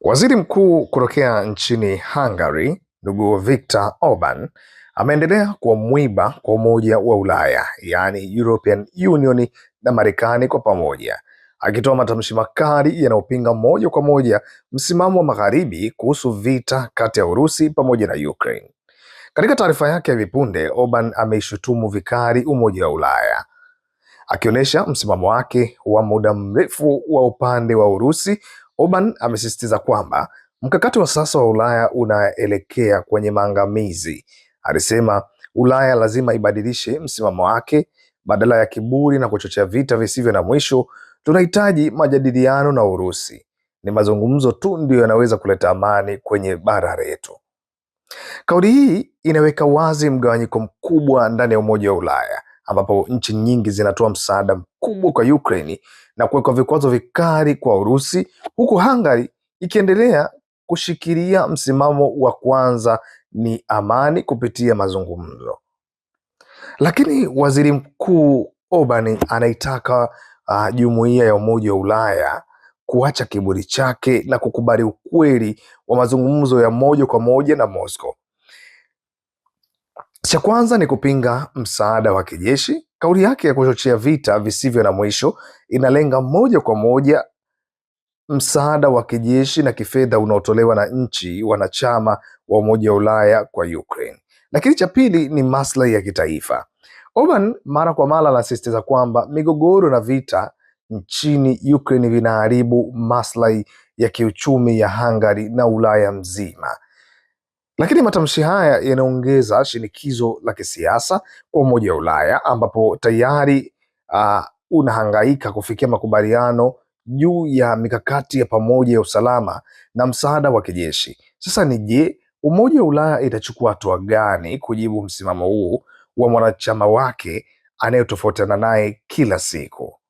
Waziri Mkuu kutokea nchini Hungary, ndugu Viktor Orban ameendelea kuwa mwiba kwa Umoja wa Ulaya, yaani European Union na Marekani kwa pamoja, akitoa matamshi makali yanayopinga moja kwa moja msimamo wa Magharibi kuhusu vita kati ya Urusi pamoja na Ukraine. Katika taarifa yake ya vipunde Orban ameishutumu vikali Umoja wa Ulaya akionyesha msimamo wake wa muda mrefu wa upande wa Urusi Orban amesisitiza kwamba mkakati wa sasa wa Ulaya unaelekea kwenye maangamizi. Alisema Ulaya lazima ibadilishe msimamo wake badala ya kiburi na kuchochea vita visivyo na mwisho. Tunahitaji majadiliano na Urusi, ni mazungumzo tu ndiyo yanaweza kuleta amani kwenye bara letu. Kauli hii inaweka wazi mgawanyiko mkubwa ndani ya Umoja wa Ulaya ambapo nchi nyingi zinatoa msaada mkubwa kwa Ukraine na kuweka vikwazo vikali kwa Urusi, huku Hungary ikiendelea kushikilia msimamo wa kwanza ni amani kupitia mazungumzo. Lakini waziri mkuu Orban anaitaka uh, jumuiya ya Umoja wa Ulaya kuacha kiburi chake na kukubali ukweli wa mazungumzo ya moja kwa moja na Moscow cha kwanza ni kupinga msaada wa kijeshi. Kauli yake ya kuchochea vita visivyo na mwisho inalenga moja kwa moja msaada wa kijeshi na kifedha unaotolewa na nchi wanachama wa Umoja wa Ulaya kwa Ukraine. Lakini cha pili ni maslahi ya kitaifa. Orban mara kwa mara anasisitiza kwamba migogoro na vita nchini Ukraine vinaharibu maslahi ya kiuchumi ya Hungary na Ulaya mzima. Lakini matamshi haya yanaongeza shinikizo la kisiasa kwa Umoja wa Ulaya ambapo tayari uh, unahangaika kufikia makubaliano juu ya mikakati ya pamoja ya usalama na msaada wa kijeshi. Sasa ni je, Umoja wa Ulaya itachukua hatua gani kujibu msimamo huu wa mwanachama wake anayetofautiana naye kila siku?